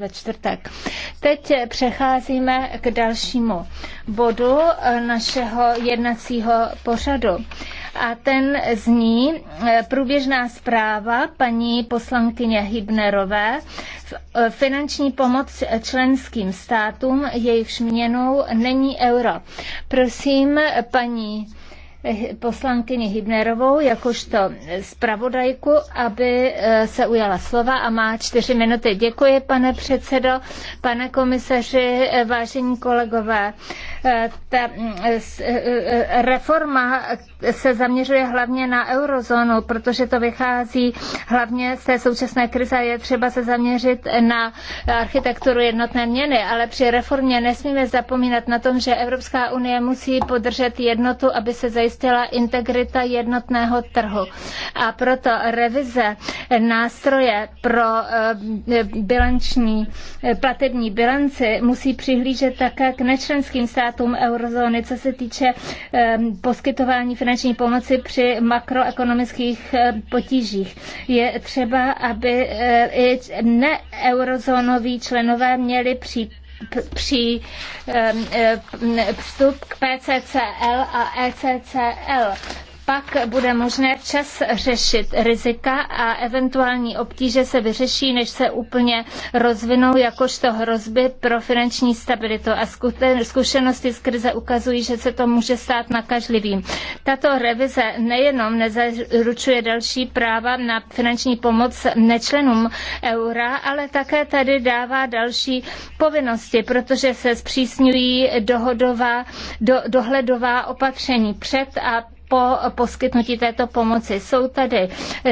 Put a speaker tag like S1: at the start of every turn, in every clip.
S1: ve čtvrtek. Teď přecházíme k dalšímu bodu našeho jednacího pořadu. A ten zní eh, průběžná zpráva paní poslankyně Hybnerové eh, finanční pomoc členským státům, jejichž měnou není euro. Prosím, paní Eh, poslankyni Hibnerovou jakožto zpravodajku, aby eh, se ujala slova a má čtyři minuty. Děkuji, pane předsedo, pane komisaři, eh, vážení kolegové. Ta reforma se zaměřuje hlavně na eurozónu, protože to vychází hlavně z té současné krize je třeba se zaměřit na architekturu jednotné měny, ale při reformě nesmíme zapomínat na tom, že Evropská unie musí podržet jednotu, aby se zajistila zajistila integrita jednotného trhu. A proto revize nástroje pro eh, bilanční, eh, platební bilanci musí přihlížet také k nečlenským státům eurozóny, co se týče eh, poskytování finanční pomoci při makroekonomických potížích. Je třeba, aby i neeurozónoví členové měli případ při eh, eh, vstup k PCCL a ECCL pak bude možné včas řešit rizika a eventuální obtíže se vyřeší, než se úplně rozvinou jakožto hrozby pro finanční stabilitu. A zkušenosti z krize ukazují, že se to může stát nakažlivým. Tato revize nejenom nezaručuje další práva na finanční pomoc nečlenům eura, ale také tady dává další povinnosti, protože se zpřísňují dohodová, do, dohledová opatření před a po poskytnutí této pomoci. Jsou tady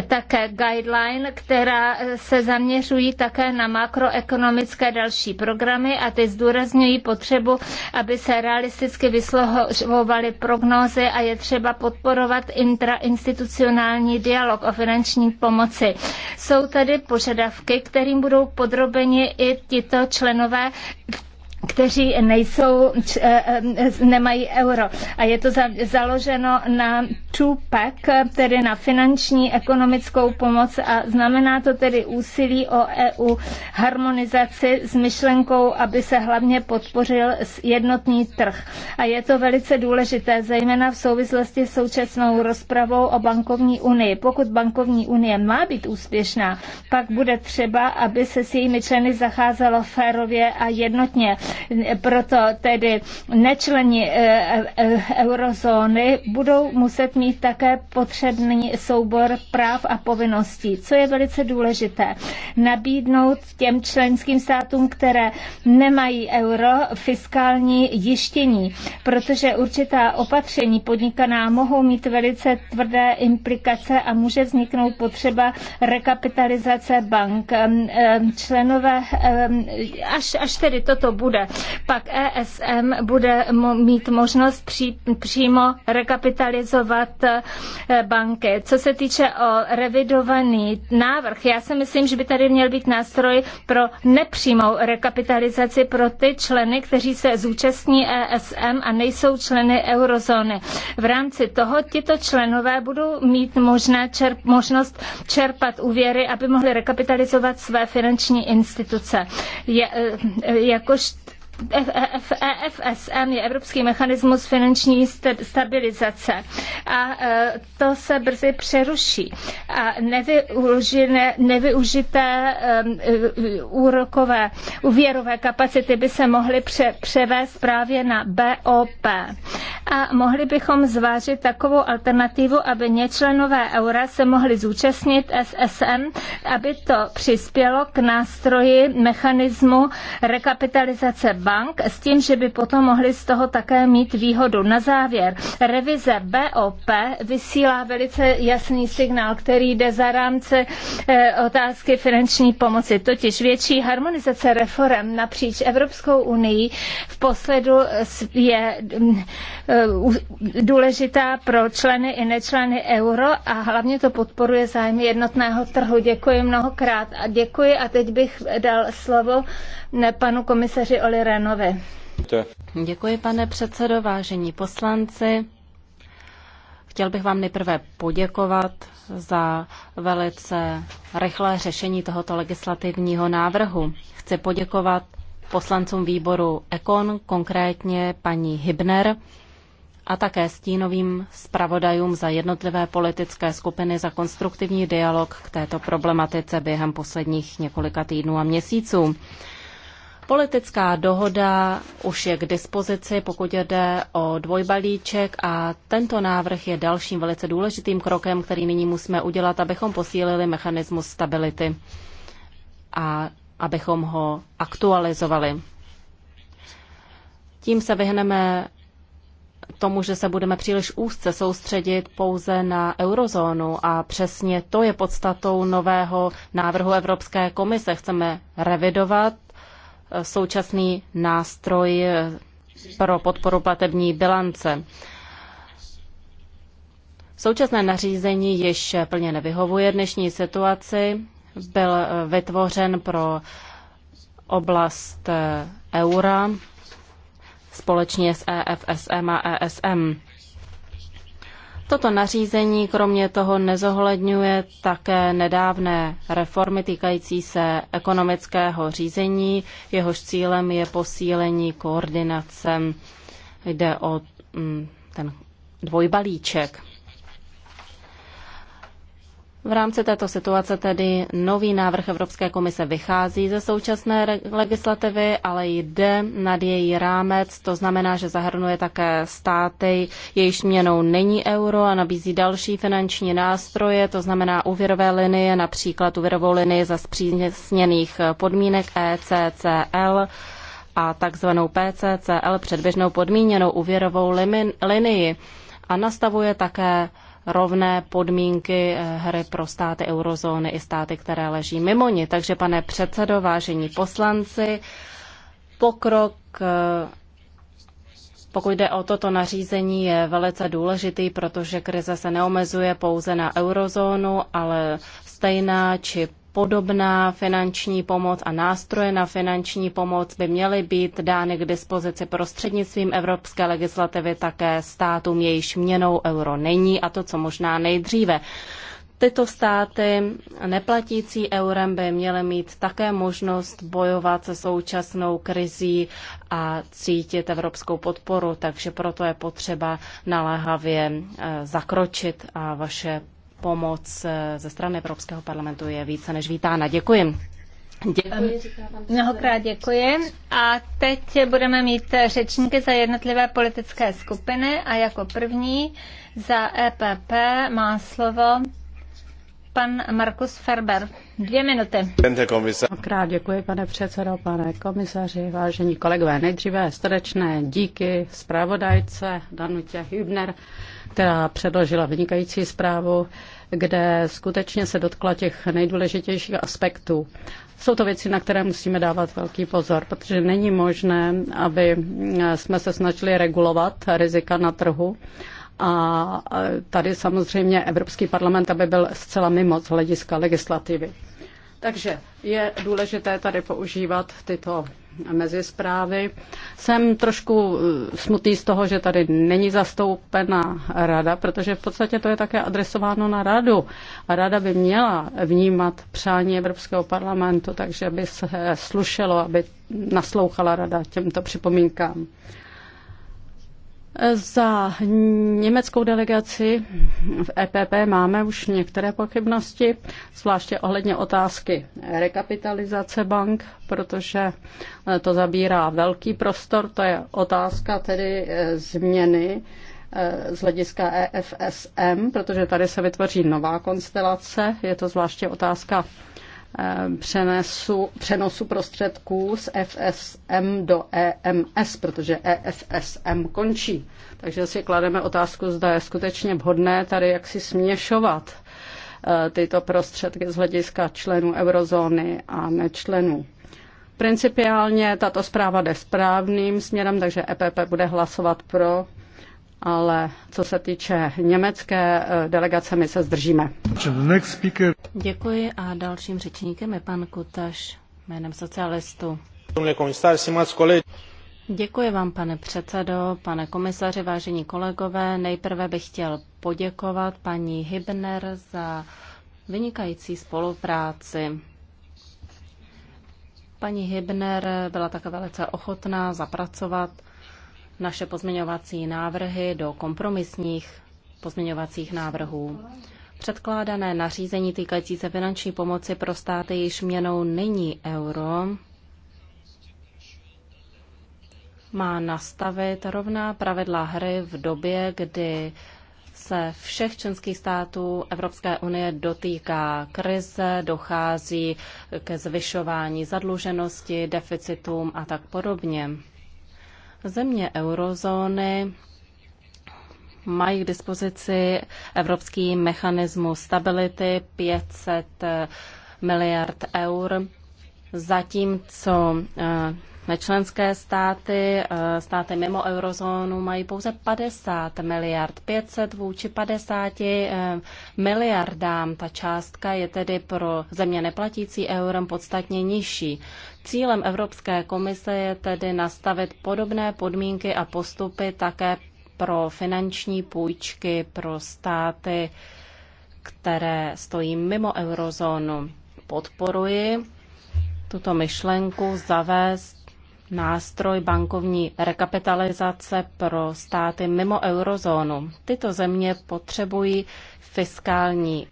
S1: také guideline, která se zaměřují také na makroekonomické další programy a ty zdůrazňují potřebu, aby se realisticky vyslovovaly prognózy a je třeba podporovat intrainstitucionální dialog o finanční pomoci. Jsou tady požadavky, kterým budou podrobeni i tito členové v kteří nejsou, eh, eh, nemají euro. A je to za, založeno na two-pack, tedy na finanční ekonomickou pomoc a znamená to tedy úsilí o EU harmonizaci s myšlenkou, aby se hlavně podpořil jednotný trh. A je to velice důležité, zejména v souvislosti s současnou rozpravou o bankovní unii. Pokud bankovní unie má být úspěšná, pak bude třeba, aby se s jejími členy zacházelo férově a jednotně proto tedy nečleni eh, eh, eh, eurozóny budou muset mít také potřebný soubor práv a povinností, co je velice důležité. Nabídnout těm členským státům, které nemají euro, fiskální jištění, protože určitá opatření podnikaná mohou mít velice tvrdé implikace a může vzniknout potřeba rekapitalizace bank. Ehm, ehm, členové, ehm, až, až tedy toto bude E bude. Pak ESM bude mít možnost pří, přímo rekapitalizovat eh, banky. Co se týče o revidovaný návrh, já si myslím, že by tady měl být nástroj pro nepřímou rekapitalizaci pro ty členy, kteří se zúčastní ESM a nejsou členy eurozóny. V rámci toho tito členové budou mít možná čerp, možnost čerpat úvěry, aby mohli rekapitalizovat své finanční instituce. Je, eh, jakož FSM e e EFSM je Evropský mechanismus finanční stabilizace a e, to se brzy přeruší a nevyužené, nevyužité úrokové, úvěrové kapacity by se mohly pře, převést právě na BOP. A mohli bychom zvážit takovou alternativu, aby nečlenové eura se mohli zúčastnit SSM, aby to přispělo k nástroji mechanismu rekapitalizace bank s tím, že by potom mohli z toho také mít výhodu. Na závěr, revize BOP vysílá velice jasný signál, který jde za rámce eh, otázky finanční pomoci, totiž větší harmonizace reform napříč Evropskou unii v posledu je mm, eh, důležitá pro členy i nečleny euro a hlavně to podporuje zájmy jednotného trhu. Děkuji mnohokrát a děkuji a teď bych dal slovo panu komisaři Oli
S2: Děkuji, pane předsedo, vážení poslanci. Chtěl bych vám nejprve poděkovat za velice rychlé řešení tohoto legislativního návrhu. Chci poděkovat poslancům výboru Ekon, konkrétně paní Hibner, a také stínovým zpravodajům za jednotlivé politické skupiny za konstruktivní dialog k této problematice během posledních několika týdnů a měsíců. Politická dohoda už je k dispozici, pokud jde o dvojbalíček a tento návrh je dalším velice důležitým krokem, který nyní musíme udělat, abychom posílili mechanismus stability a abychom ho aktualizovali. Tím se vyhneme tomu, že se budeme příliš úzce soustředit pouze na eurozónu a přesně to je podstatou nového návrhu Evropské komise. Chceme revidovat současný nástroj pro podporu platební bilance. Současné nařízení již plně nevyhovuje dnešní situaci. Byl vytvořen pro oblast eh, eura společně s EFSM a ESM. Toto nařízení kromě toho nezohledňuje také nedávné reformy týkající se ekonomického řízení. Jehož cílem je posílení koordinace. Jde o mm, ten dvojbalíček. V rámci této situace tedy nový návrh Evropské komise vychází ze současné legislativy, ale jde nad její rámec, to znamená, že zahrnuje také státy, jejichž měnou není euro a nabízí další finanční nástroje, to znamená úvěrové linie, například úvěrovou linii za zpřísněných podmínek ECCL a takzvanou PCCL předběžnou podmíněnou úvěrovou linii a nastavuje také rovné podmínky eh, hry pro státy eurozóny i státy, které leží mimo ní. Takže, pane předsedo, vážení poslanci, pokrok eh, pokud jde o toto nařízení, je velice důležitý, protože krize se neomezuje pouze na eurozónu, ale stejná či podobná finanční pomoc a nástroje na finanční pomoc by měly být dány k dispozici prostřednictvím evropské legislativy také státům, jejíž měnou euro není a to, co možná nejdříve. Tyto státy neplatící eurem by měly mít také možnost bojovat se současnou krizí a cítit evropskou podporu, takže proto je potřeba naléhavě eh, zakročit a vaše pomoc eh, ze strany Evropského parlamentu je více než vítána. Děkuji. Děkuji. Mnohokrát
S1: děkuji. A teď budeme mít řečníky za jednotlivé politické skupiny a jako první za EPP má slovo pan Markus Ferber. Dvě minuty. Mnohokrát
S3: děkuji, pane předsedo, pane komisaři, vážení kolegové. Nejdříve srdečné díky zpravodajce Danutě Hübner která předložila vynikající zprávu, kde skutečně se dotkla těch nejdůležitějších aspektů. Jsou to věci, na které musíme dávat velký pozor, protože není možné, aby jsme se snažili regulovat rizika na trhu. A tady samozřejmě Evropský parlament, aby byl zcela mimo z hlediska legislativy. Takže je důležité tady používat tyto mezi zprávy. Jsem trošku eh, smutný z toho, že tady není zastoupena rada, protože v podstatě to je také adresováno na radu. A rada by měla vnímat přání Evropského parlamentu, takže by se slušelo, aby naslouchala rada těmto připomínkám. Za německou delegaci v EPP máme už některé pochybnosti, zvláště ohledně otázky rekapitalizace bank, protože eh, to zabírá velký prostor. To je otázka tedy eh, změny eh, z hlediska EFSM, protože tady se vytvoří nová konstelace. Je to zvláště otázka Eh, přenesu, přenosu prostředků z FSM do EMS, protože EFSM končí. Takže si klademe otázku, zda je skutečně vhodné tady jaksi směšovat eh, tyto prostředky z hlediska členů eurozóny a nečlenů. Principiálně tato zpráva jde správným směrem, takže EPP bude hlasovat pro ale co se týče německé eh, delegace, my se zdržíme.
S2: Děkuji a dalším řečníkem je pan Kutaš jménem socialistu. Děkuji vám, pane předsedo, pane komisaři, vážení kolegové. Nejprve bych chtěl poděkovat paní Hibner za vynikající spolupráci. Paní Hibner byla také velice ochotná zapracovat naše pozměňovací návrhy do kompromisních pozměňovacích návrhů. Předkládané nařízení týkající se finanční pomoci pro státy, již měnou není euro, má nastavit rovná pravidla hry v době, kdy se všech členských států Evropské unie dotýká krize, dochází ke zvyšování zadluženosti, deficitům a tak podobně. Země eurozóny mají k dispozici evropský mechanismus stability 500 miliard eur, zatímco eh, Nečlenské státy, eh, státy mimo eurozónu mají pouze 50 miliard, 500 vůči 50 eh, miliardám. Ta částka je tedy pro země neplatící eurem podstatně nižší. Cílem Evropské komise je tedy nastavit podobné podmínky a postupy také pro finanční půjčky pro státy, které stojí mimo eurozónu. Podporuji tuto myšlenku zavést nástroj bankovní rekapitalizace pro státy mimo eurozónu. Tyto země potřebují fiskální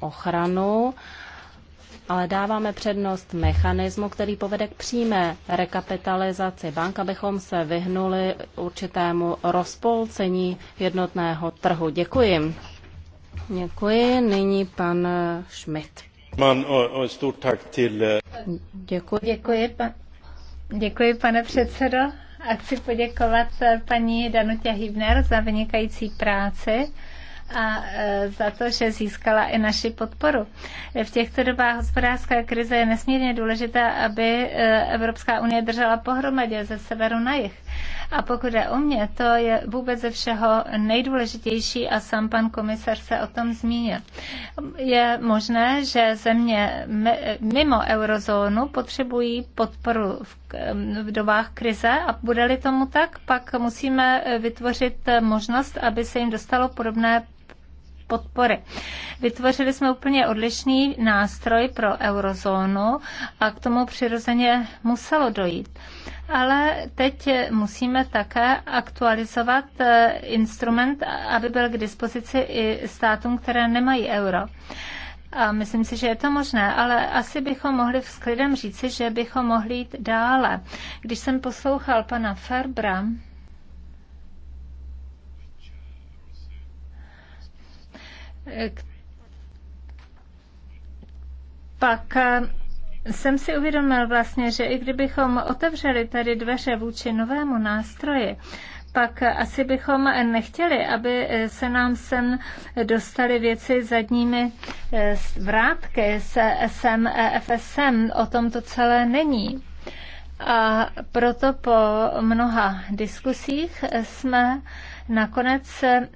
S2: ochranu, ale dáváme přednost mechanismu, který povede k přímé rekapitalizaci bank, abychom se vyhnuli určitému rozpolcení jednotného trhu. Děkuji. Děkuji. Nyní pan
S1: Schmidt.
S3: Eh,
S1: děkuji. Děkuji, pan, Děkuji, pane předsedo. A chci poděkovat eh, paní Danutě Hibner za vynikající práci a eh, za to, že získala i naši podporu. V těchto dobách hospodářské krize je nesmírně důležitá, aby eh, Evropská unie držela pohromadě ze severu na jih. A pokud je o mě, to je vůbec ze všeho nejdůležitější a sám pan komisar se o tom zmínil. Je možné, že země mimo eurozónu potřebují podporu v v dobách krize a bude-li tomu tak, pak musíme eh, vytvořit eh, možnost, aby se jim dostalo podobné podpory. Vytvořili jsme úplně odlišný nástroj pro eurozónu a k tomu přirozeně muselo dojít. Ale teď eh, musíme také aktualizovat instrument, aby byl k dispozici i státům, které nemají euro. A myslím si, že je to možné, ale asi bychom mohli s klidem říci, že bychom mohli jít dále. Když jsem poslouchal pana Ferbra, pak eh, jsem si uvědomil vlastně, že i kdybychom otevřeli tady dveře vůči novému nástroji, pak asi bychom nechtěli, aby eh, se nám sem dostaly věci zadními eh, vrátky se SM, FSM O tom to celé není. A proto po mnoha diskusích jsme nakonec eh,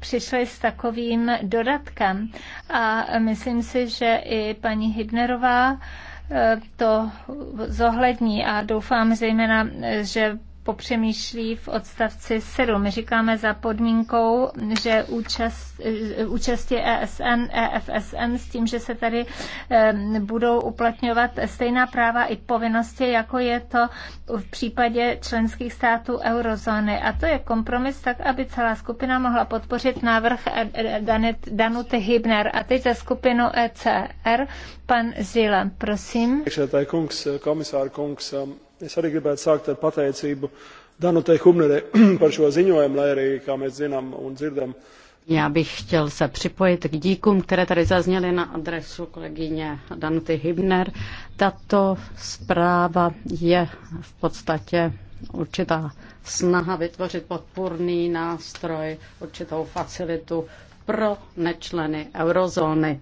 S1: přišli s takovým dodatkem. A myslím si, že i paní Hybnerová to zohlední a doufám zejména, že popřemýšlí v odstavci 7. My říkáme za podmínkou, že účast, účasti ESN, EFSN, s tím, že se tady budou uplatňovat stejná práva i povinnosti, jako je to v případě členských států eurozóny. A to je kompromis tak, aby celá skupina mohla podpořit návrh e, e, Danuty Hibner. A teď za skupinu ECR pan Zila, prosím.
S2: Takže tady kungs, komisár kungs, Es arī gribētu sākt ar pateicību Danutei Humnerei par šo ziņojumu, lai arī, kā mēs zinām un dzirdam,
S3: já bych chtěl se připojit k díkům, které tady zazněly na adresu kolegyně Danuty Hibner. Tato zpráva je v podstatě určitá snaha vytvořit podpůrný nástroj, určitou facilitu pro nečleny eurozóny.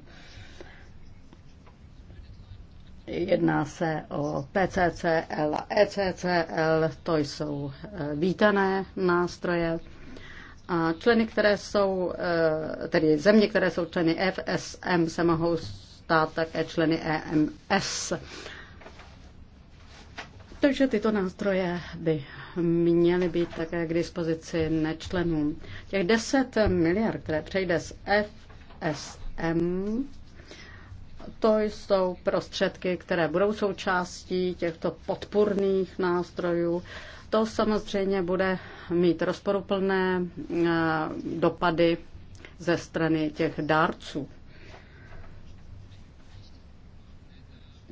S3: Jedná se o PCCL a ECCL, to jsou eh, vítané nástroje. A členy, které jsou, eh, tedy země, které jsou členy FSM, se mohou stát také členy EMS. Takže tyto nástroje by měly být také k dispozici nečlenům. Těch 10 miliard, které přejde z FSM, to jsou prostředky, které budou součástí těchto podpůrných nástrojů. To samozřejmě bude mít rozporuplné eh, dopady ze strany těch dárců.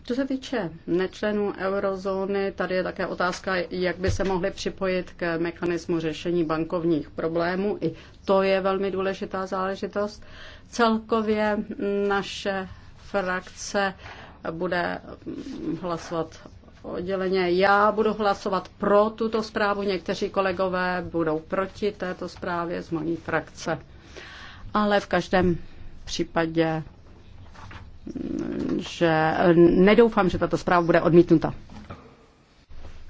S3: Co se týče nečlenů eurozóny, tady je také otázka, jak by se mohli připojit k mechanismu řešení bankovních problémů. I to je velmi důležitá záležitost. Celkově naše frakce bude hlasovat odděleně. Já budu hlasovat pro tuto zprávu, někteří kolegové budou proti této zprávě z mojí frakce. Ale v každém případě, že nedoufám, že tato zpráva bude odmítnuta.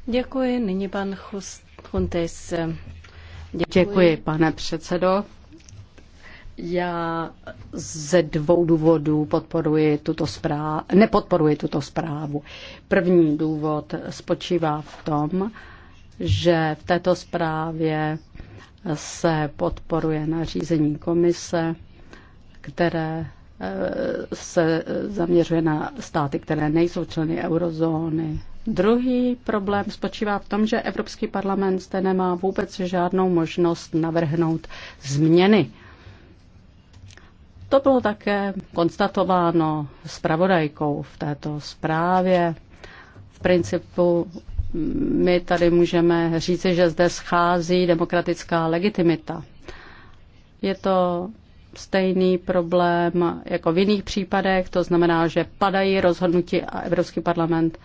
S2: Děkuji. Nyní pan Chuntis.
S3: Děkuji. Děkuji, pane předsedo.
S2: Já
S3: ze dvou důvodů podporuji tuto zprávu, nepodporuji tuto zprávu. První důvod spočívá v tom, že v této zprávě se podporuje nařízení komise, které eh, se zaměřuje na státy, které nejsou členy eurozóny. Druhý problém spočívá v tom, že Evropský parlament zde nemá vůbec žádnou možnost navrhnout změny to bylo také konstatováno zpravodajkou v této zprávě. V principu mm, my tady můžeme říci, že zde schází demokratická legitimita. Je to stejný problém jako v jiných případech, to znamená, že padají rozhodnutí a Evropský parlament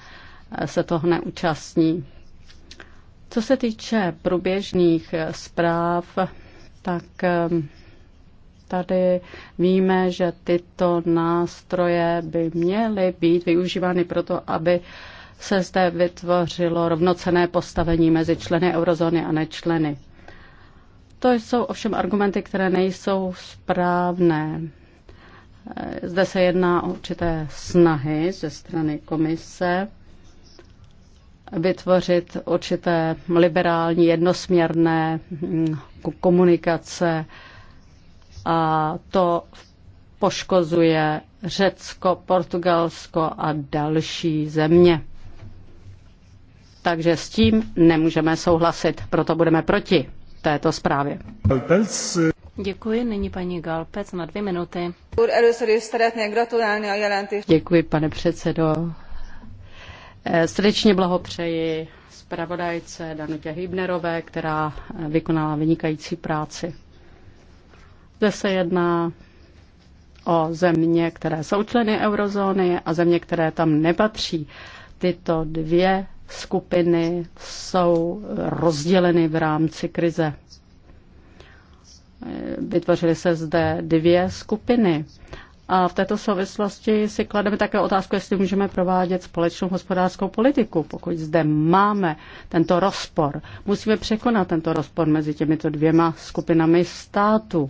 S3: eh, se toho neúčastní. Co se týče průběžných eh, zpráv, tak eh, Tady víme, že tyto nástroje by měly být využívány proto, aby se zde vytvořilo rovnocené postavení mezi členy eurozóny a nečleny. To jsou ovšem argumenty, které nejsou správné. Zde se jedná o určité snahy ze strany komise vytvořit určité liberální, jednosměrné komunikace a to poškozuje Řecko, Portugalsko a další země. Takže s tím nemůžeme souhlasit, proto budeme proti této zprávě.
S2: Děkuji, nyní paní Galpec na dvě minuty.
S3: Děkuji, pane předsedo. Eh, srdečně blahopřeji zpravodajce Danutě Hybnerové, která vykonala vynikající práci. Zde se jedná o země, které jsou členy eurozóny a země, které tam nepatří. Tyto dvě skupiny jsou rozděleny v rámci krize. Vytvořily se zde dvě skupiny. A v této souvislosti si klademe také otázku, jestli můžeme provádět společnou hospodářskou politiku, pokud zde máme tento rozpor. Musíme překonat tento rozpor mezi těmito dvěma skupinami států.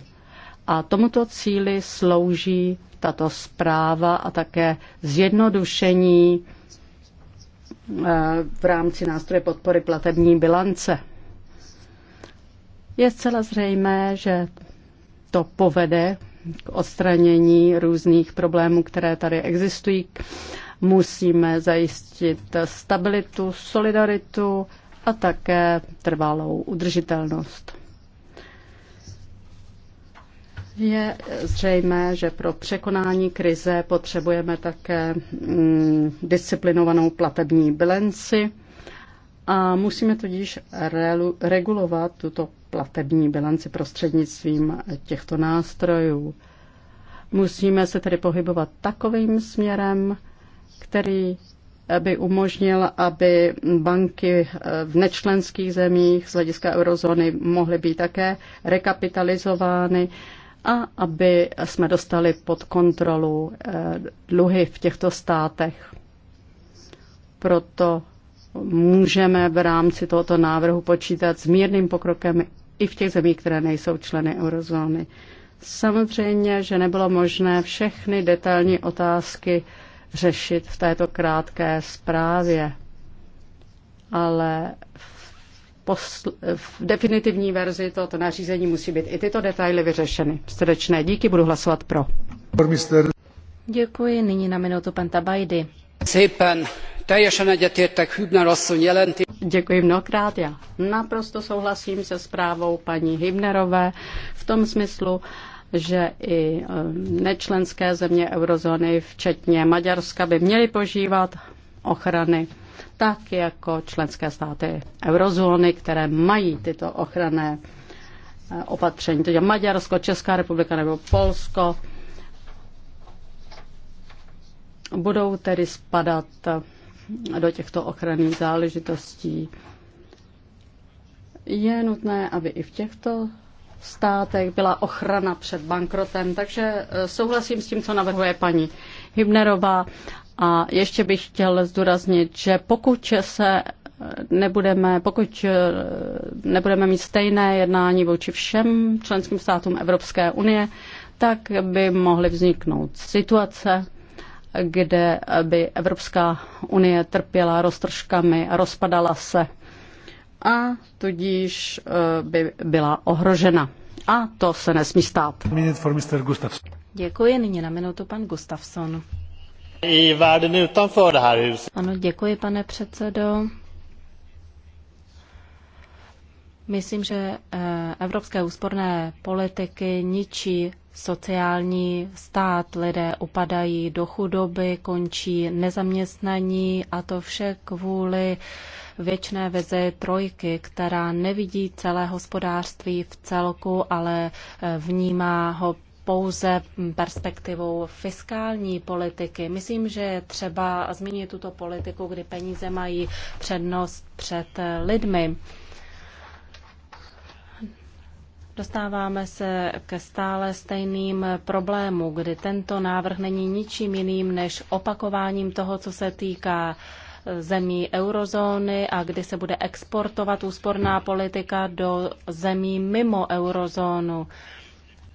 S3: A tomuto cíli slouží tato zpráva a také zjednodušení eh, v rámci nástroje podpory platební bilance. Je zcela zřejmé, že to povede k odstranění různých problémů, které tady existují. Musíme zajistit stabilitu, solidaritu a také trvalou udržitelnost. Je zřejmé, že pro překonání krize potřebujeme také mm, disciplinovanou platební bilanci a musíme tudíž regulovat tuto platební bilanci prostřednictvím těchto nástrojů. Musíme se tedy pohybovat takovým směrem, který by umožnil, aby banky v nečlenských zemích z hlediska eurozóny mohly být také rekapitalizovány a aby jsme dostali pod kontrolu eh, dluhy v těchto státech. Proto můžeme v rámci tohoto návrhu počítat s mírným pokrokem i v těch zemích, které nejsou členy eurozóny. Samozřejmě, že nebylo možné všechny detailní otázky řešit v této krátké zprávě, ale v v definitivní verzi tohoto nařízení musí být i tyto detaily vyřešeny. Srdečné díky, budu hlasovat pro.
S2: Děkuji, nyní na minutu pan Tabajdy.
S3: Děkuji mnohokrát. Já
S2: naprosto
S3: souhlasím se zprávou paní Hybnerové v tom smyslu, že i eh, nečlenské země eurozóny, včetně Maďarska, by měly požívat ochrany tak jako členské státy eurozóny, které mají tyto ochranné eh, opatření, to je Maďarsko, Česká republika nebo Polsko, budou tedy spadat eh, do těchto ochranných záležitostí. Je nutné, aby i v těchto státech byla ochrana před bankrotem, takže eh, souhlasím s tím, co navrhuje paní Hybnerová a ještě bych chtěl zdůraznit, že pokud se nebudeme, pokud eh, nebudeme mít stejné jednání vůči všem členským státům Evropské unie, tak by mohly vzniknout situace, kde by Evropská unie trpěla roztržkami a rozpadala se a tudíž eh, by byla ohrožena. A to se nesmí
S2: stát. Děkuji, nyní na minutu pan Gustafsson.
S1: I världen utanför det här huset.
S2: Ano, děkuji, pane předsedo. Myslím, že eh, evropské úsporné politiky ničí sociální stát, lidé upadají do chudoby, končí nezaměstnaní a to vše kvůli věčné vizi trojky, která nevidí celé hospodářství v celku, ale eh, vnímá ho pouze perspektivou fiskální politiky. Myslím, že je třeba zmínit tuto politiku, kdy peníze mají přednost před lidmi. Dostáváme se ke stále stejným problému, kdy tento návrh není ničím jiným než opakováním toho, co se týká zemí eurozóny a kdy se bude exportovat úsporná politika do zemí mimo eurozónu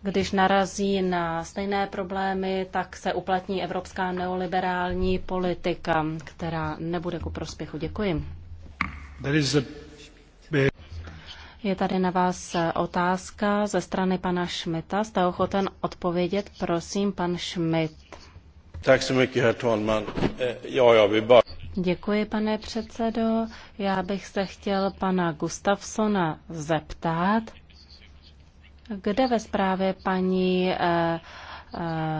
S2: když narazí na stejné problémy, tak se uplatní evropská neoliberální politika, která nebude ku prospěchu. Děkuji. Je tady na vás otázka ze strany pana Šmita. Jste ochoten odpovědět? Prosím, pan Šmit. Tak se eh, Děkuji, pane předsedo. Já bych se chtěl pana Gustavsona zeptat, kde ve zprávě paní eh, eh,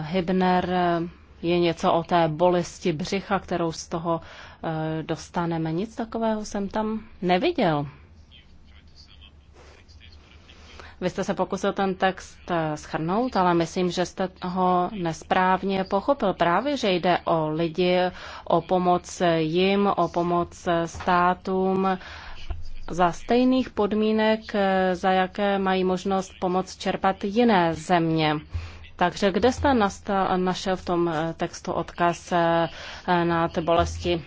S2: Hybner eh, je něco o té bolesti břicha, kterou z toho dostaneme? Nic takového jsem tam neviděl. Vy jste se pokusil ten text schrnout, ale myslím, že jste ho nesprávně pochopil. Právě, že jde o lidi, o pomoc jim, o pomoc státům, za stejných podmínek, eh, za jaké mají možnost pomoc čerpat jiné země. Takže kde jste našel v tom eh, textu odkaz eh, na ty bolesti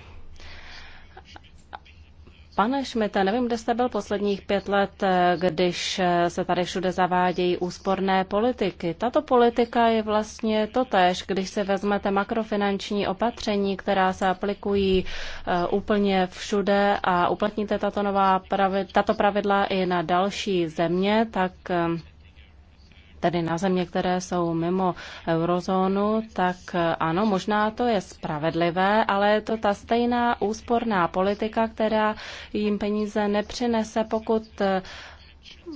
S2: Pane Šmita, nevím, kde jste byl posledních pět let, když se tady všude zavádějí úsporné politiky. Tato politika je vlastně totéž, když se vezmete makrofinanční opatření, která se aplikují eh, úplně všude a uplatníte tato, nová pravidla, tato pravidla i na další země, tak eh, tedy na země, které jsou mimo eurozónu, tak ano, možná to je spravedlivé, ale je to ta stejná úsporná politika, která jim peníze nepřinese, pokud eh,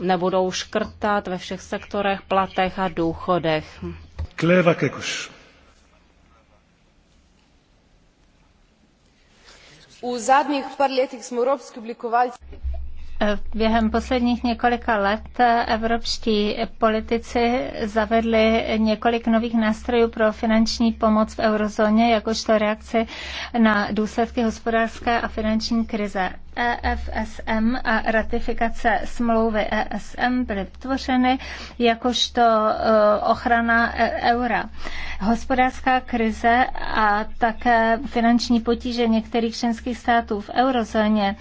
S2: nebudou škrtat ve všech sektorech, platech a důchodech. Kleva Kekuš.
S3: U zadních pár letech jsme
S1: Během posledních několika let evropští politici zavedli několik nových nástrojů pro finanční pomoc v eurozóně, jakožto reakci na důsledky hospodářské a finanční krize. EFSM a ratifikace smlouvy ESM byly vytvořeny jakožto e, ochrana e, eura. Hospodářská krize a také finanční potíže některých členských států v eurozóně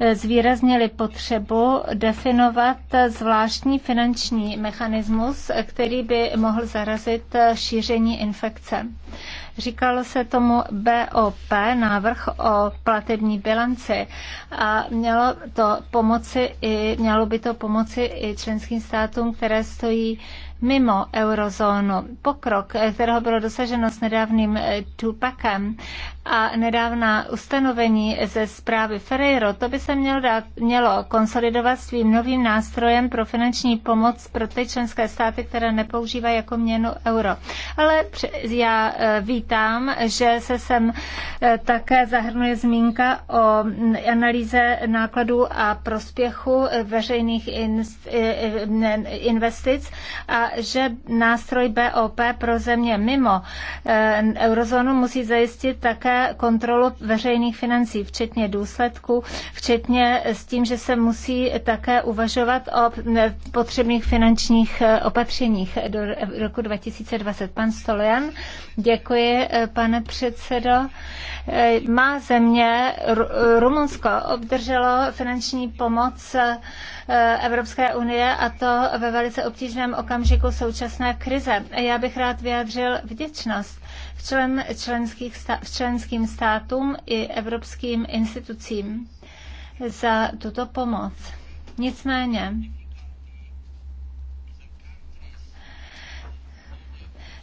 S1: e, zvýraznily potřebu definovat zvláštní finanční mechanismus, který by mohl zarazit šíření infekce. Říkalo se tomu BOP, návrh o platební bilanci a mělo to pomoci i, mělo by to pomoci i členským státům, které stojí mimo eurozónu. Pokrok, kterého bylo dosaženo s nedávným eh, Tupakem a nedávná ustanovení ze zprávy Ferreiro, to by se mělo, dát, mělo konsolidovat svým novým nástrojem pro finanční pomoc pro ty členské státy, které nepoužívají jako měnu euro. Ale já eh, vítám, že se sem eh, také zahrnuje zmínka o mm, analýze nákladů a prospěchu veřejných investic a že nástroj BOP pro země mimo eh, eurozónu musí zajistit také kontrolu veřejných financí, včetně důsledků, včetně s tím, že se musí také uvažovat o potřebných finančních eh, opatřeních do roku 2020. Pan Stolian, děkuji, eh, pane předsedo. Má země Rumunsko obdrželo finanční pomoc Evropské unie a to ve velice obtížném okamžiku okamžiku současné krize. Já bych rád vyjádřil vděčnost člen, členských, v členským státům i evropským institucím za tuto pomoc. Nicméně,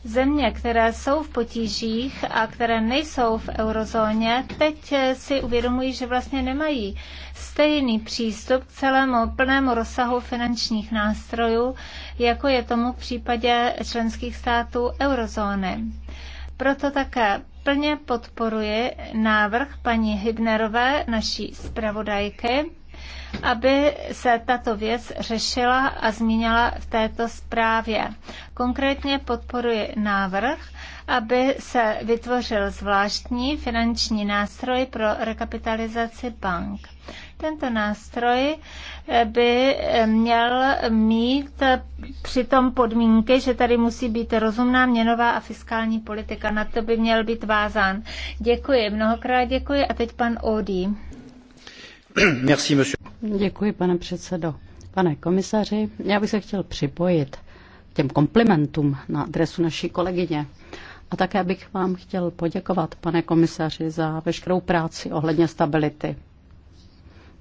S1: Země, které jsou v potížích a které nejsou v eurozóně, teď si uvědomují, že vlastně nemají stejný přístup k celému plnému rozsahu finančních nástrojů, jako je tomu v případě členských států eurozóny. Proto také plně podporuji návrh paní Hybnerové, naší zpravodajky, aby se tato věc řešila a zmínila v této zprávě. Konkrétně podporuji návrh, aby se vytvořil zvláštní finanční nástroj pro rekapitalizaci bank. Tento nástroj eh, by eh, měl mít eh, přitom podmínky, že tady musí být rozumná měnová a fiskální politika. Na to by měl být vázán. Děkuji, mnohokrát děkuji. A teď pan Odí.
S3: Děkuji, pane předsedo. Pane komisaři, já bych se chtěl připojit těm komplimentům na adresu naší kolegyně. A také bych vám chtěl poděkovat, pane komisaři, za veškerou práci ohledně stability.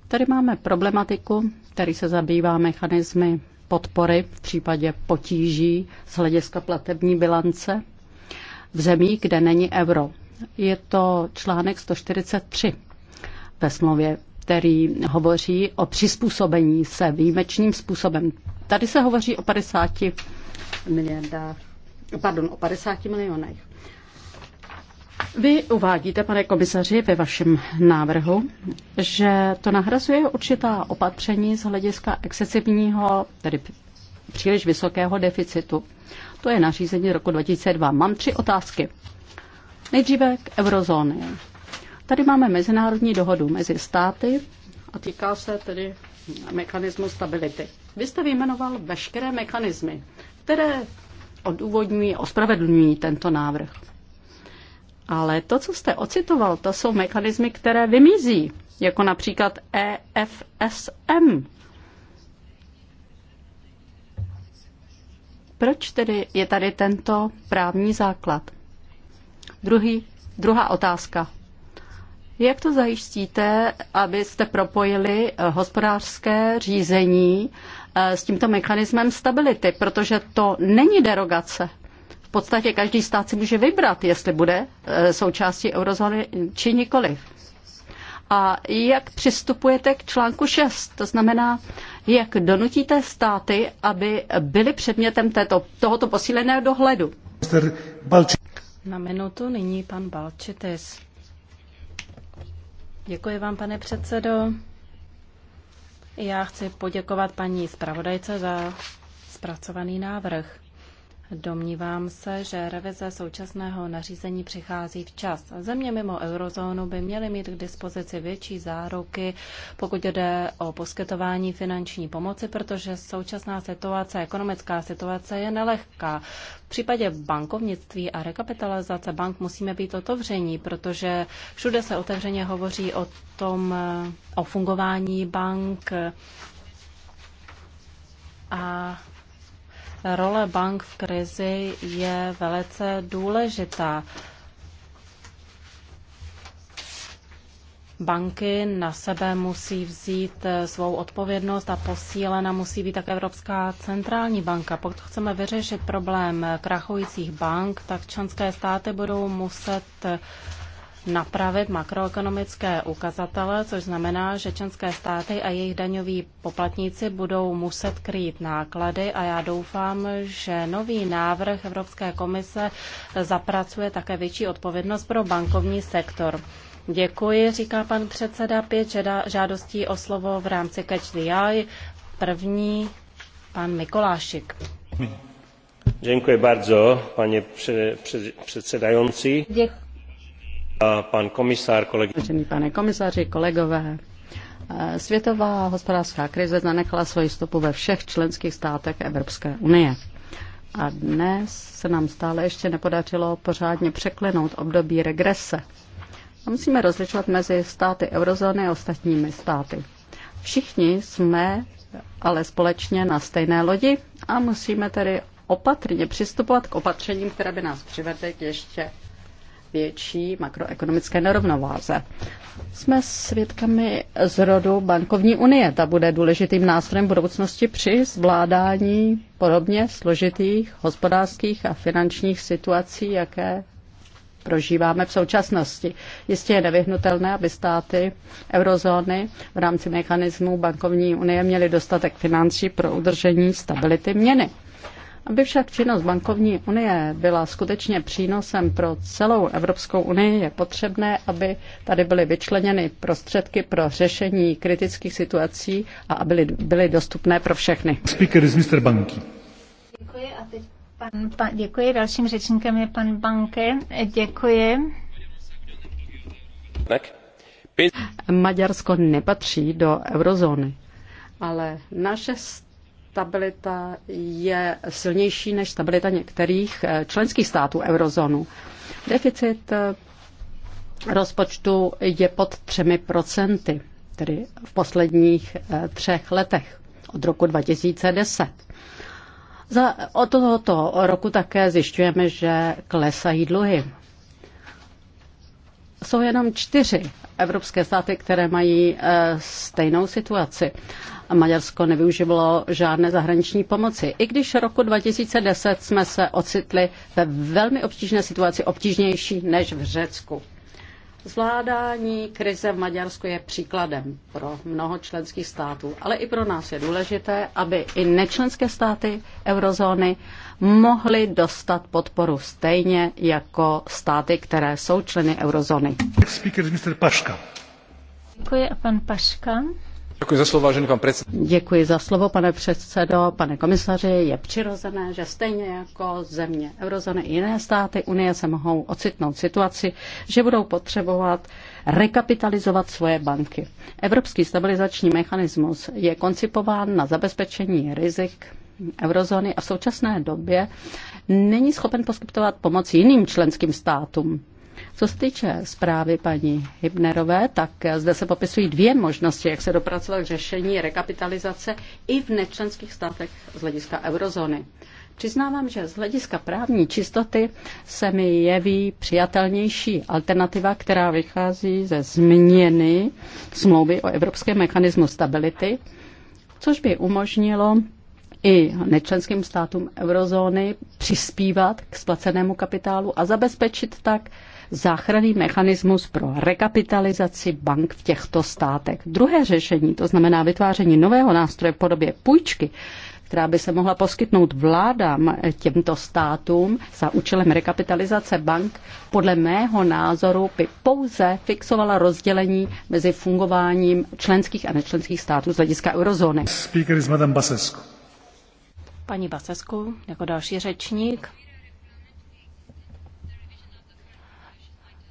S3: Tady máme problematiku, který se zabývá mechanismy podpory v případě potíží z hlediska platební bilance v zemí, kde není euro. Je to článek 143 ve smlouvě, který hovoří o přizpůsobení se výjimečným způsobem. Tady se hovoří o 50 miliardách, pardon, o 50 milionech. Vy uvádíte, pane komisaři, ve vašem návrhu, že to nahrazuje určitá opatření z hlediska excesivního, tedy příliš vysokého deficitu. To je nařízení roku 2002. Mám tři otázky. Nejdříve k eurozóně. Tady máme mezinárodní dohodu mezi státy a týká se tedy mechanismu stability. Vy jste vyjmenoval veškeré mechanismy, které odůvodňují, ospravedlňují tento návrh. Ale to, co jste ocitoval, to jsou mechanismy, které vymizí, jako například EFSM. Proč tedy je tady tento právní základ? Druhý, druhá otázka. Jak to zajistíte, abyste propojili eh, hospodářské řízení Eh, s tímto mechanismem stability, protože to není derogace. V podstatě každý stát si může vybrat, jestli bude eh, součástí eurozóny či nikoliv. A jak přistupujete k článku 6? To znamená, jak donutíte státy, aby byly
S2: předmětem této, tohoto posíleného dohledu? Na minutu nyní pan Balčitis. Děkuji vám, pane předsedo. Já chci poděkovat paní zpravodajce za zpracovaný návrh. Domnívám se, že revize současného nařízení přichází včas. Země mimo eurozónu by měly mít k dispozici větší záruky, pokud jde o poskytování finanční pomoci, protože současná situace, ekonomická situace je nelehká. V případě bankovnictví a rekapitalizace bank musíme být otevření, protože všude se otevřeně hovoří o tom, o fungování bank a role bank v krizi je velice důležitá. Banky na sebe musí vzít svou odpovědnost a posílena musí být tak Evropská centrální banka. Pokud chceme vyřešit problém krachujících bank, tak členské státy budou muset napravit makroekonomické ukazatele, což znamená, že členské státy a jejich daňoví poplatníci budou muset krýt náklady a já doufám, že nový návrh Evropské komise zapracuje také větší odpovědnost pro bankovní sektor. Děkuji, říká pan předseda. Pět žádostí o slovo v rámci Catch the Eye. První, pan Mikolášik.
S1: Děkuji bardzo, pane předsedající. Děkuji. Vážený
S3: pane komisaři, kolegové, eh, světová hospodářská krize zanechala svoji stopu ve všech členských státech Evropské unie. A dnes se nám stále ještě nepodařilo pořádně překlenout období regrese. A musíme rozlišovat mezi státy eurozóny a ostatními státy. Všichni jsme ale společně na stejné lodi a musíme tedy opatrně přistupovat k opatřením, které by nás přivedly k ještě větší makroekonomické nerovnováze. Jsme svědkami zrodu bankovní unie. Ta bude důležitým nástrojem budoucnosti při zvládání podobně složitých hospodářských a finančních situací, jaké prožíváme v současnosti. Jistě je nevyhnutelné, aby státy eurozóny v rámci mechanismu bankovní unie měly dostatek financí pro udržení stability měny. Aby však činnost bankovní unie byla skutečně přínosem pro celou Evropskou unii, je potřebné, aby tady byly vyčleněny prostředky pro řešení kritických situací a aby byly dostupné pro všechny.
S1: Speaker is Mr. Banky. Děkuji a teď pan, pa, děkuji. Dalším řečníkem je pan Banke. Děkuji.
S3: Tak. Maďarsko nepatří do eurozóny, ale naše stabilita je silnější než stabilita některých eh, členských států eurozónu. Deficit eh, rozpočtu je pod 3%, tedy v posledních eh, třech letech od roku 2010. Za, od tohoto roku také zjišťujeme, že klesají dluhy. Jsou jenom čtyři evropské státy, které mají eh, stejnou situaci. Maďarsko nevyužívalo žádné zahraniční pomoci. I když roku 2010 jsme se ocitli ve velmi obtížné situaci, obtížnější než v Řecku. Zvládání krize v Maďarsku je příkladem pro mnoho členských států, ale i pro nás je důležité, aby i nečlenské státy eurozóny mohly dostat podporu stejně jako státy, které jsou členy eurozóny.
S1: Děkuji a pan Paška.
S2: Děkuji za slovo, vážený pan předsedo.
S3: Děkuji za slovo, pane předsedo, pane komisaři. Je přirozené, že stejně jako země eurozóny i jiné státy Unie se mohou ocitnout situaci, že budou potřebovat rekapitalizovat svoje banky. Evropský stabilizační mechanismus je koncipován na zabezpečení rizik eurozóny a v současné době není schopen poskytovat pomoc jiným členským státům. Co se týče zprávy paní Hybnerové, tak zde se popisují dvě možnosti, jak se dopracovat k řešení rekapitalizace i v nečlenských státech z hlediska eurozóny. Přiznávám, že z hlediska právní čistoty se mi jeví přijatelnější alternativa, která vychází ze změny smlouvy o Evropském mechanismu stability, což by umožnilo i nečlenským státům eurozóny přispívat k splacenému kapitálu a zabezpečit tak záchranný mechanismus pro rekapitalizaci bank v těchto státech. Druhé řešení, to znamená vytváření nového nástroje v podobě půjčky, která by se mohla poskytnout vládám těmto státům za účelem rekapitalizace bank, podle mého názoru by pouze fixovala rozdělení mezi fungováním členských a nečlenských států z hlediska eurozóny.
S2: Speaker is Madame Basescu. Paní Basescu, jako další řečník.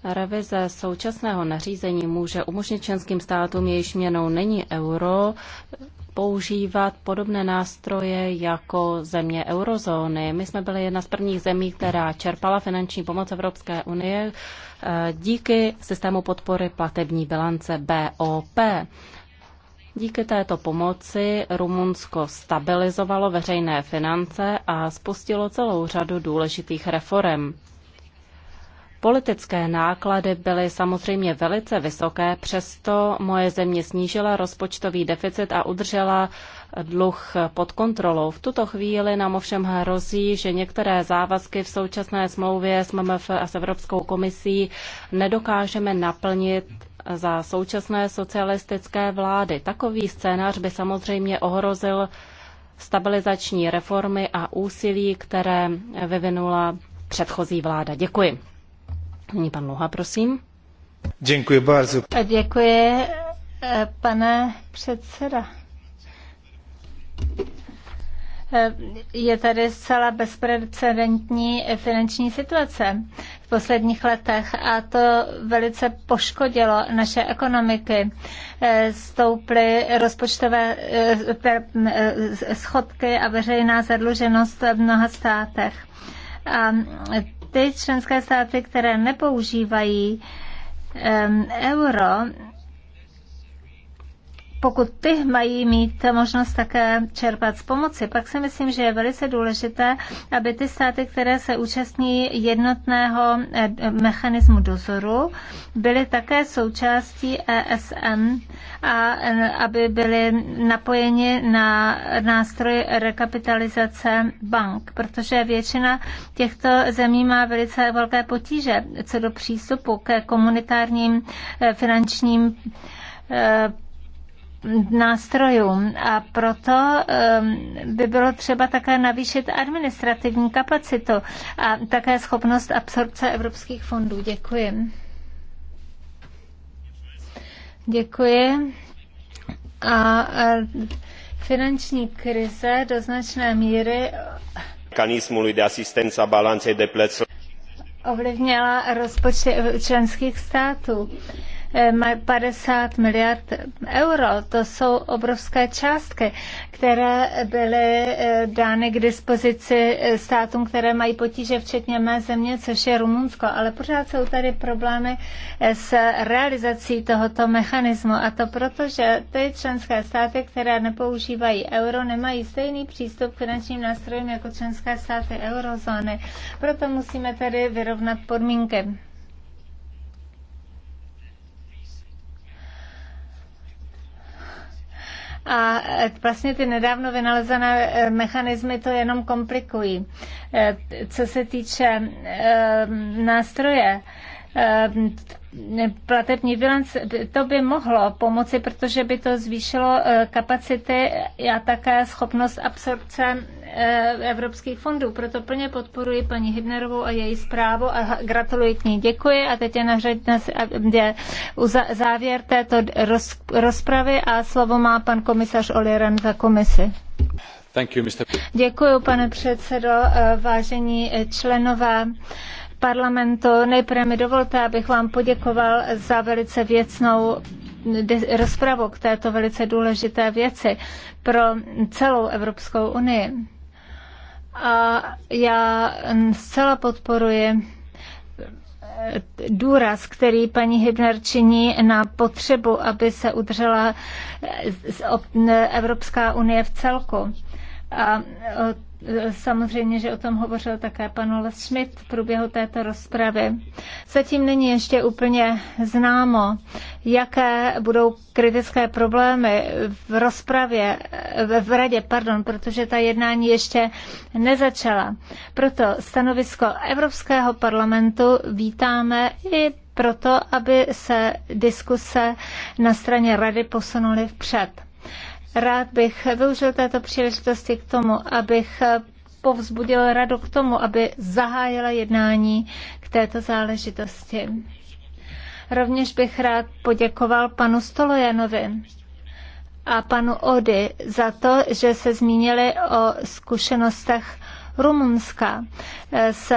S2: Revize současného nařízení může umožnit členským státům, jejíž měnou není euro, používat podobné nástroje jako země eurozóny. My jsme byli jedna z prvních zemí, která čerpala finanční pomoc Evropské unie eh, díky systému podpory platební bilance BOP. Díky této pomoci Rumunsko stabilizovalo veřejné finance a spustilo celou řadu důležitých reform. Politické náklady byly samozřejmě velice vysoké, přesto moje země snížila rozpočtový deficit a udržela dluh pod kontrolou. V tuto chvíli nám ovšem hrozí, že některé závazky v současné smlouvě s MMF a s Evropskou komisí nedokážeme naplnit za současné socialistické vlády. Takový scénář by samozřejmě ohrozil stabilizační reformy a úsilí, které vyvinula předchozí vláda. Děkuji. Nyní pan Luha,
S1: prosím. Děkuji bardzo. Děkuji, eh, pane předseda. Eh, je tady zcela bezprecedentní finanční situace v posledních letech a to velice poškodilo naše ekonomiky. Eh, stouply rozpočtové schodky a veřejná zadluženost v mnoha státech. A ty členské státy, které nepoužívají ehm, euro, pokud ty mají mít možnost také čerpat z pomoci, pak si myslím, že je velice důležité, aby ty státy, které se účastní jednotného eh, mechanismu dozoru, byly také součástí ESM a eh, aby byly napojeni na nástroj rekapitalizace bank, protože většina těchto zemí má velice velké potíže co do přístupu ke komunitárním eh, finančním nástrojům a proto ehm, by bylo třeba také navýšit administrativní kapacitu a také schopnost absorpce evropských fondů. Děkuji. Děkuji. A finanční krize do značné míry
S2: mecanismului a
S1: ovlivnila rozpočty členských států. 50 miliard euro. To jsou obrovské částky, které byly eh, dány k dispozici eh, státům, které mají potíže, včetně mé země, což je Rumunsko. Ale pořád jsou tady problémy eh, s realizací tohoto mechanismu. A to proto, že ty členské státy, které nepoužívají euro, nemají stejný přístup k finančním nástrojům jako členské státy eurozóny. Proto musíme tady vyrovnat podmínky. a e, vlastně ty nedávno vynalezené e, mechanismy to jenom komplikují. E, co se týče nástroje, Ehm, platební bilanc, to by mohlo pomoci, protože by to zvýšilo e, kapacity a také schopnost absorpce e, evropských fondů. Proto plně podporuji paní Hybnerovou a její zprávu a gratuluji k ní. Děkuji a teď je na řadě závěr této rozpravy a slovo má pan komisař Oliren za komisi. Děkuji, pane předsedo, e, vážení členové parlamentu. Nejprve mi dovolte, abych vám poděkoval za velice věcnou rozpravu k této velice důležité věci pro celou Evropskou unii. A já zcela podporuji eh, důraz, který paní Hybner činí na potřebu, aby se udržela eh, Evropská unie v celku. A e, samozřejmě, že o tom hovořil také pan Ole Schmidt v průběhu této rozpravy. Zatím není ještě úplně známo, jaké budou kritické problémy v rozpravě, v radě, pardon, protože ta jednání ještě nezačala. Proto stanovisko Evropského parlamentu vítáme i proto, aby se diskuse na straně rady posunuly vpřed. Rád bych využil této příležitosti k tomu, abych povzbudil radu k tomu, aby zahájila jednání k této záležitosti. Rovněž bych rád poděkoval panu Stolojanovi a panu Ody za to, že se zmínili o zkušenostech Rumunska eh, s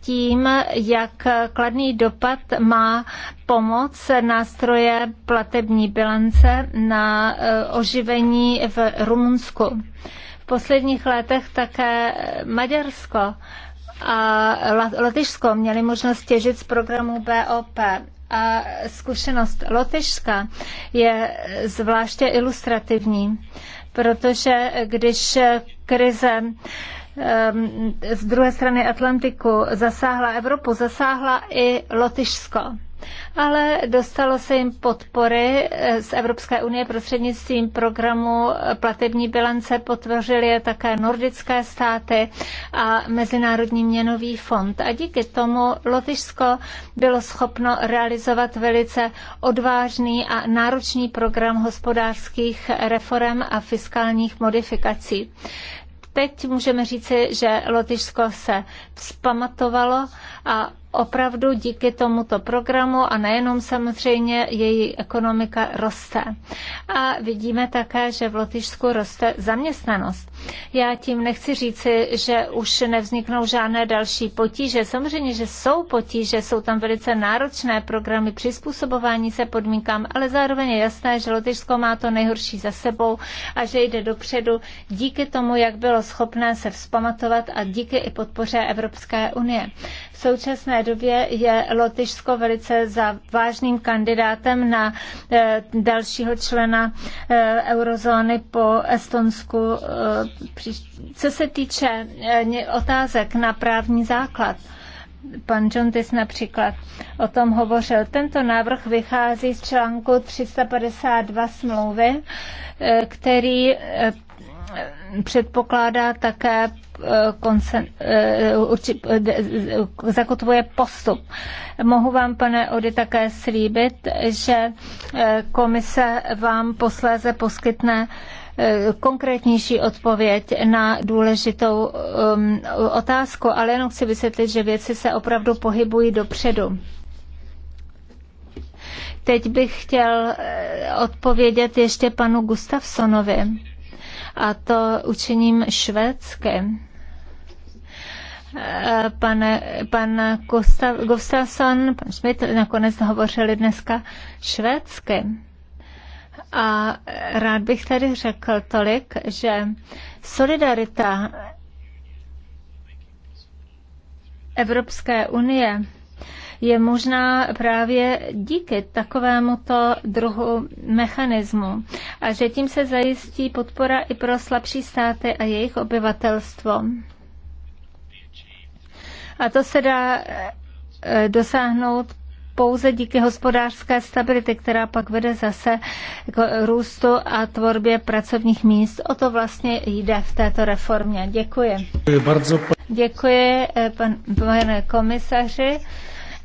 S1: tím, jak kladný dopad má pomoc nástroje platební bilance na eh, oživení v Rumunsku. V posledních letech také Maďarsko a Lotyšsko měli možnost těžit z programu BOP a zkušenost Lotyšska je zvláště ilustrativní, protože když krize Ehm, z druhé strany Atlantiku zasáhla Evropu, zasáhla i Lotyšsko ale dostalo se jim podpory eh, z Evropské unie prostřednictvím programu platební bilance, potvořili je také nordické státy a Mezinárodní měnový fond. A díky tomu Lotyšsko bylo schopno realizovat velice odvážný a náročný program hospodářských reform a fiskálních modifikací teď můžeme říci, že Lotyšsko se vzpamatovalo a opravdu díky tomuto programu a nejenom samozřejmě její ekonomika roste. A vidíme také, že v Lotyšsku roste zaměstnanost. Já tím nechci říci, že už nevzniknou žádné další potíže. Samozřejmě, že jsou potíže, jsou tam velice náročné programy přizpůsobování se podmínkám, ale zároveň je jasné, že Lotyšsko má to nejhorší za sebou a že jde dopředu díky tomu, jak bylo schopné se vzpamatovat a díky i podpoře Evropské unie. V současné době je Lotyšsko velice za vážným kandidátem na eh, dalšího člena eh, eurozóny po Estonsku. Eh, co se týče otázek na právní základ, pan Juntis například o tom hovořil. Tento návrh vychází z článku 352 smlouvy, který předpokládá také eh, eh, eh, zakotvuje postup. Mohu vám, pane Ody, také slíbit, že komise vám posléze poskytne konkrétnější odpověď na důležitou um, otázku, ale jenom chci vysvětlit, že věci se opravdu pohybují dopředu. Teď bych chtěl odpovědět ještě panu Gustavsonovi a to učiním švédském. Eh, pane, pan Gustav, Gustafsson, pan Schmidt nakonec hovořili dneska švédsky. A rád bych tady řekl tolik, že solidarita Evropské unie je možná právě díky takovémuto druhu mechanismu a že tím se zajistí podpora i pro slabší státy a jejich obyvatelstvo. A to se dá eh, dosáhnout pouze díky hospodářské stability, která pak vede zase k růstu a tvorbě pracovních míst. O to vlastně jde v této reformě. Děkuji. Děkuji, eh, pan, pane komisaři.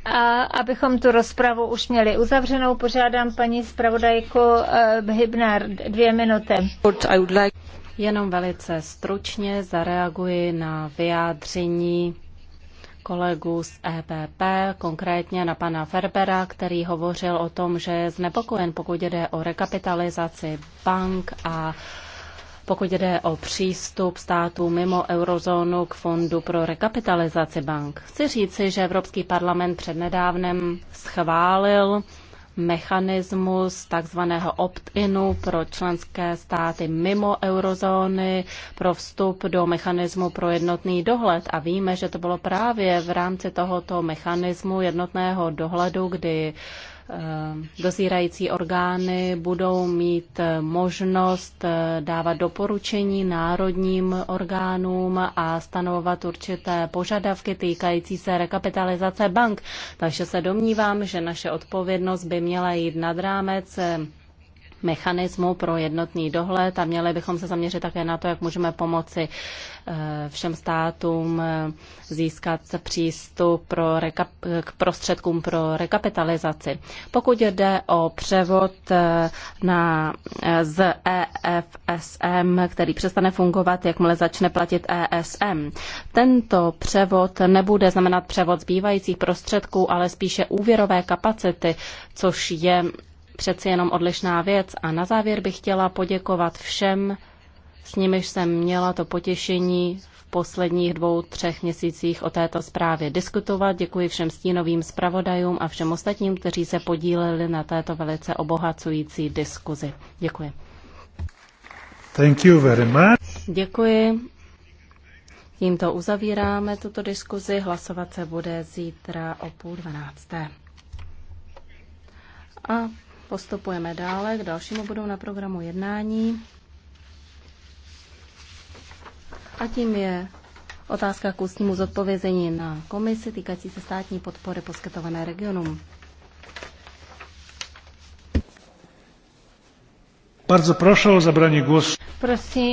S1: A abychom tu rozpravu už měli uzavřenou, požádám paní zpravodajku eh, Hybnár dvě minuty. Jenom velice stručně zareaguji na
S2: vyjádření kolegů z EPP, konkrétně na pana Ferbera, který hovořil o tom, že je znepokojen, pokud jde o rekapitalizaci bank a uh, pokud jde o přístup států mimo eurozónu k fondu pro rekapitalizaci bank. Chci říci, že Evropský parlament přednedávnem schválil mechanismus takzvaného opt-inu pro členské státy mimo eurozóny pro vstup do mechanismu pro jednotný dohled. A víme, že to bylo právě v rámci tohoto mechanismu jednotného dohledu, kdy Eh, dozírající orgány budou mít eh, možnost eh, dávat doporučení národním orgánům a stanovovat určité požadavky týkající se rekapitalizace bank. Takže se domnívám, že naše odpovědnost by měla jít nad rámec mechanismu pro jednotný dohled a měli bychom se zaměřit také na to, jak můžeme pomoci eh, všem státům eh, získat přístup pro rekap- k prostředkům pro rekapitalizaci. Pokud jde o převod eh, na, z EFSM, který přestane fungovat, jakmile začne platit ESM, tento převod nebude znamenat převod zbývajících prostředků, ale spíše úvěrové kapacity, což je přeci jenom odlišná věc. A na závěr bych chtěla poděkovat všem, s nimiž jsem měla to potěšení v posledních dvou, třech měsících o této zprávě diskutovat. Děkuji všem stínovým zpravodajům a všem ostatním, kteří se podíleli na této velice obohacující diskuzi. Děkuji. Thank you very much. Děkuji. Tímto uzavíráme tuto diskuzi. Hlasovat se bude zítra o půl dvanácté. A Postupujeme dále k dalšímu bodu na programu jednání. A tím je otázka k ústnímu zodpovězení na komisi týkající se státní podpory poskytované regionům.
S1: Bardzo proszę o zabranie głosu. Prosím.